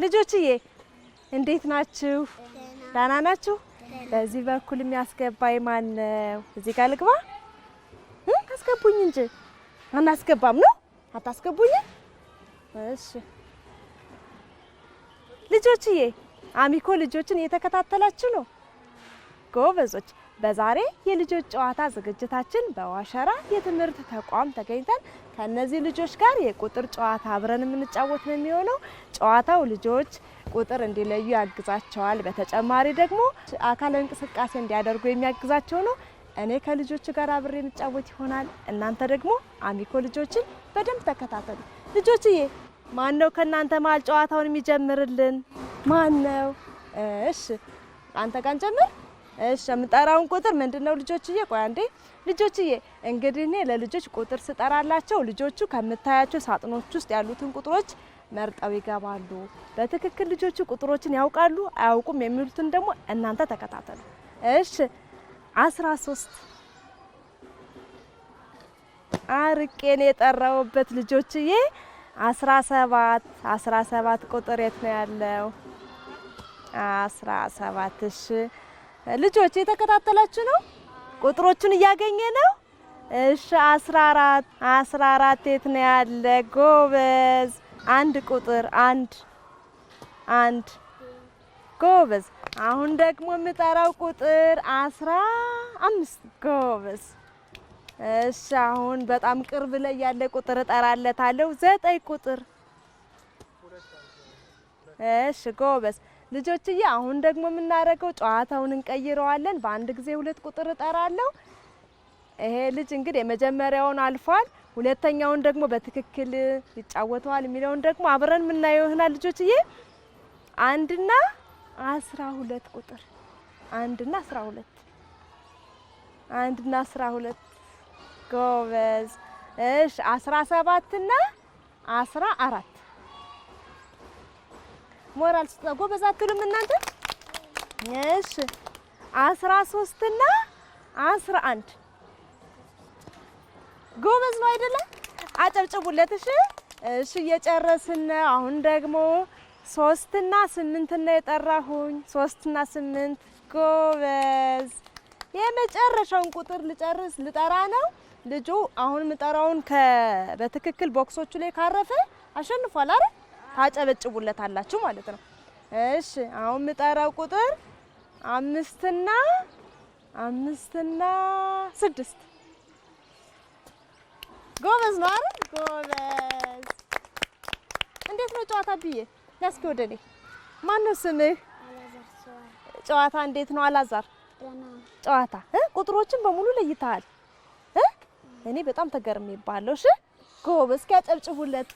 ልጆችዬ እንዴት ናችሁ? ደህና ናችሁ? በዚህ በኩል የሚያስገባኝ ማን ነው? እዚህ ጋር ልግባ? አስገቡኝ እንጂ አናስገባም ነው አታስገቡኝም? እሺ ልጆችዬ፣ አሚኮ ልጆችን እየተከታተላችሁ ነው። ጎበዞች! በዛሬ የልጆች ጨዋታ ዝግጅታችን በዋሸራ የትምህርት ተቋም ተገኝተን ከነዚህ ልጆች ጋር የቁጥር ጨዋታ አብረን የምንጫወት ነው የሚሆነው። ጨዋታው ልጆች ቁጥር እንዲለዩ ያግዛቸዋል። በተጨማሪ ደግሞ አካል እንቅስቃሴ እንዲያደርጉ የሚያግዛቸው ነው። እኔ ከልጆቹ ጋር አብሬ የምጫወት ይሆናል። እናንተ ደግሞ አሚኮ ልጆችን በደንብ ተከታተሉ። ልጆችዬ ማን ነው ከእናንተ መሀል ጨዋታውን የሚጀምርልን? ማን ነው? እሺ አንተ ጋር ጀምር። እሺ የምጠራውን ቁጥር ምንድን ነው ልጆችዬ? ቆይ አንዴ ልጆችዬ፣ እንግዲህ እኔ ለልጆች ቁጥር ስጠራላቸው ልጆቹ ከምታያቸው ሳጥኖች ውስጥ ያሉትን ቁጥሮች መርጠው ይገባሉ። በትክክል ልጆቹ ቁጥሮችን ያውቃሉ አያውቁም የሚሉትን ደግሞ እናንተ ተከታተሉ። እሺ አስራ ሶስት አርቄን የጠራውበት ልጆችዬ አስራ ሰባት አስራ ሰባት ቁጥር የት ነው ያለው? አስራ ሰባት እሺ ልጆች እየተከታተላችሁ ነው? ቁጥሮቹን እያገኘ ነው? እሺ አስራ አራት አስራ አራት የት ነው ያለ? ጎበዝ አንድ ቁጥር አንድ አንድ ጎበዝ። አሁን ደግሞ የምጠራው ቁጥር አስራ አምስት ጎበዝ እሺ አሁን በጣም ቅርብ ላይ ያለ ቁጥር እጠራለታለሁ። ዘጠኝ ቁጥር እሺ፣ ጎበዝ ልጆችዬ። አሁን ደግሞ የምናደርገው ጨዋታውን እንቀይረዋለን። በአንድ ጊዜ ሁለት ቁጥር እጠራለሁ። ይሄ ልጅ እንግዲህ የመጀመሪያውን አልፏል። ሁለተኛውን ደግሞ በትክክል ይጫወተዋል የሚለውን ደግሞ አብረን የምናየው ይሆናል። ልጆችዬ አንድና አስራ ሁለት ቁጥር አንድና አስራ ሁለት አንድና አስራ ሁለት ጎበዝ። እሽ አስራ ሰባት እና አስራ አራት ሞራል ስጣ። ጎበዝ አትሉም እናንተ? እሽ አስራ ሶስት እና አስራ አንድ ጎበዝ ነው አይደለ? አጨብጭቡለት። እሽ እሽ እየጨረስን ነው። አሁን ደግሞ ሶስትና ስምንት እና የጠራሁኝ። ሶስትና ስምንት ጎበዝ። የመጨረሻውን ቁጥር ልጨርስ ልጠራ ነው። ልጁ አሁን ምጠራውን በትክክል ቦክሶቹ ላይ ካረፈ አሸንፏል አይደል? ታጨበጭቡለታላችሁ ማለት ነው። እሺ አሁን ምጠራው ቁጥር አምስትና አምስትና ስድስት። ጎበዝ ነው አይደል? ጎበዝ። እንዴት ነው ጨዋታ ብዬ ያስኪ ወደ እኔ ማን ነው ስምህ? ጨዋታ እንዴት ነው? አላዛር ጨዋታ ቁጥሮችን በሙሉ ለይተሃል። እኔ በጣም ተገርሜ ባለው። እሺ ጎበዝ፣ እስኪ ያጨብጭቡለት።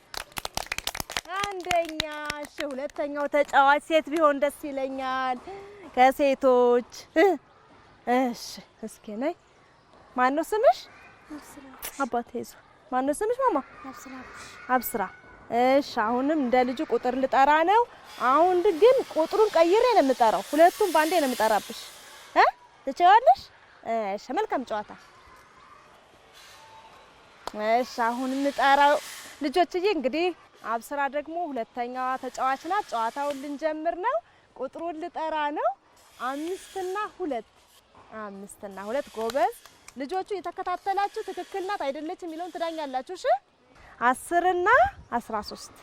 አንደኛ። እሺ፣ ሁለተኛው ተጫዋች ሴት ቢሆን ደስ ይለኛል። ከሴቶች እሺ፣ እስኪ ነይ። ነው ስምሽ? አባቴ ይዞ ነው ስምሽ? ማማ አብስራ። እሺ፣ አሁንም እንደ ልጁ ቁጥር ልጠራ ነው። አሁን ግን ቁጥሩን ቀይሬ ነው የምጠራው። ሁለቱም ባንዴ ነው የምጠራብሽ። እ ትችያለሽ? እሺ፣ መልካም ጨዋታ እሺ አሁን እንጠራው ልጆችዬ። እንግዲህ አብስራ ደግሞ ሁለተኛዋ ተጫዋች ናት። ጨዋታውን ልንጀምር ነው። ቁጥሩን ልጠራ ነው። አምስትና ሁለት አምስትና ሁለት። ጎበዝ ልጆቹ የተከታተላችሁ ትክክል ናት አይደለች የሚለውን ትዳኛላችሁ። እሺ አስርና አስራ ሶስት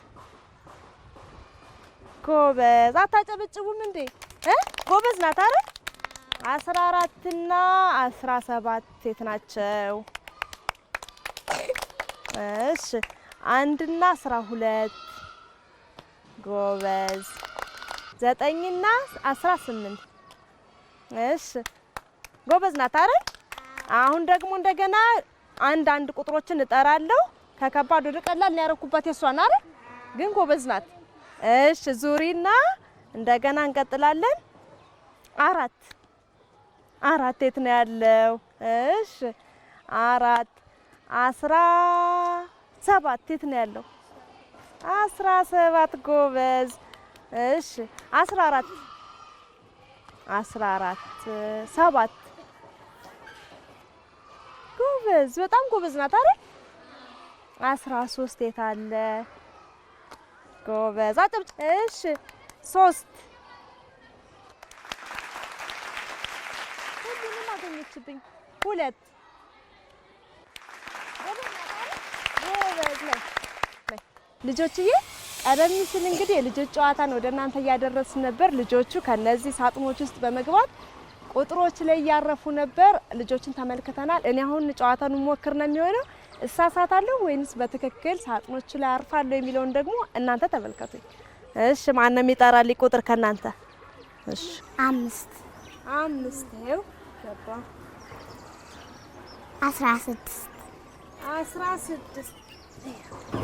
ጎበዝ። አታጨበጭቡም እንዴ? ጎበዝ ናት። አረ አስራ አራትና አስራ ሰባት ሴት ናቸው። እሺ አንድና አስራ ሁለት ጎበዝ። ዘጠኝና አስራ ስምንት እሺ ጎበዝ ናት አይደል? አሁን ደግሞ እንደገና አንድ አንድ ቁጥሮችን እጠራለሁ። ከከባድ ወደ ቀላል ያረኩባት የሷን አይደል? ግን ጎበዝ ናት። እሺ ዙሪና እንደገና እንቀጥላለን። አራት አራት የት ነው ያለው? እሺ አራት አስራ ሰባት የት ነው ያለው? አስራ ሰባት ጎበዝ። እሺ አስራ አራት አስራ አራት ሰባት ጎበዝ፣ በጣም ጎበዝ ናት አይደል? አስራ ሶስት የት አለ? ጎበዝ አጥብ። እሺ ሶስት ሁሉንም አገኘችብኝ። ሁለት ልጆችዬ ቀደም ሲል እንግዲህ የልጆች ጨዋታን ወደ እናንተ እያደረስ ነበር። ልጆቹ ከነዚህ ሳጥኖች ውስጥ በመግባት ቁጥሮች ላይ እያረፉ ነበር። ልጆችን ተመልክተናል። እኔ አሁን ጨዋታን ሞክር ነው የሚሆነው። እሳሳታለሁ ወይንስ በትክክል ሳጥኖቹ ላይ አርፋለሁ የሚለውን ደግሞ እናንተ ተመልከቱኝ። እሺ፣ ማን ነው የሚጠራልኝ ቁጥር ከእናንተ? እሺ፣ አምስት አምስት ነው ገባ አስራ ስድስት አስራ ስድስት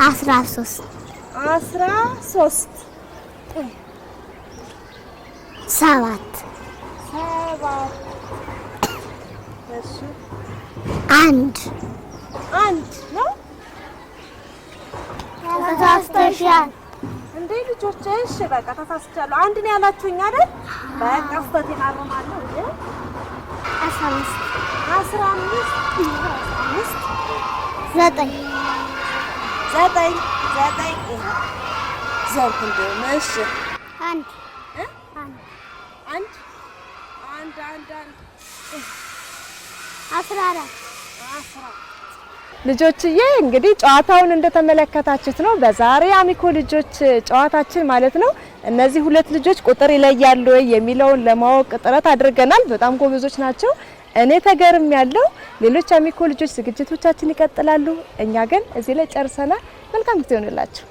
አስራ ሶስት አስራ ሶስት ሰባት ሰባት አንድ አንድ ነው። ተሳስተሻል እንዴ ልጆች? እሺ በቃ ተሳስቻለሁ። አንድ ነው ያላችሁኝ አይደል? በቃ ስህተቴን አርማለሁ። አስራ አምስት አስራ አምስት ዘጠኝ ዘጠኝ ዘጠኝ ዘርኩ እንደሆነ እሺ፣ አንድ አንድ አንድ አንድ አንድ አስራ አራት ልጆችዬ እንግዲህ ጨዋታውን እንደተመለከታችሁት ነው። በዛሬ አሚኮ ልጆች ጨዋታችን ማለት ነው እነዚህ ሁለት ልጆች ቁጥር ይለያሉ ወይ የሚለውን ለማወቅ ጥረት አድርገናል። በጣም ጎበዞች ናቸው። እኔ ተገርም ያለው ሌሎች አሚኮ ልጆች ዝግጅቶቻችን ይቀጥላሉ። እኛ ግን እዚህ ላይ ጨርሰናል። መልካም ጊዜ ይሆንላችሁ።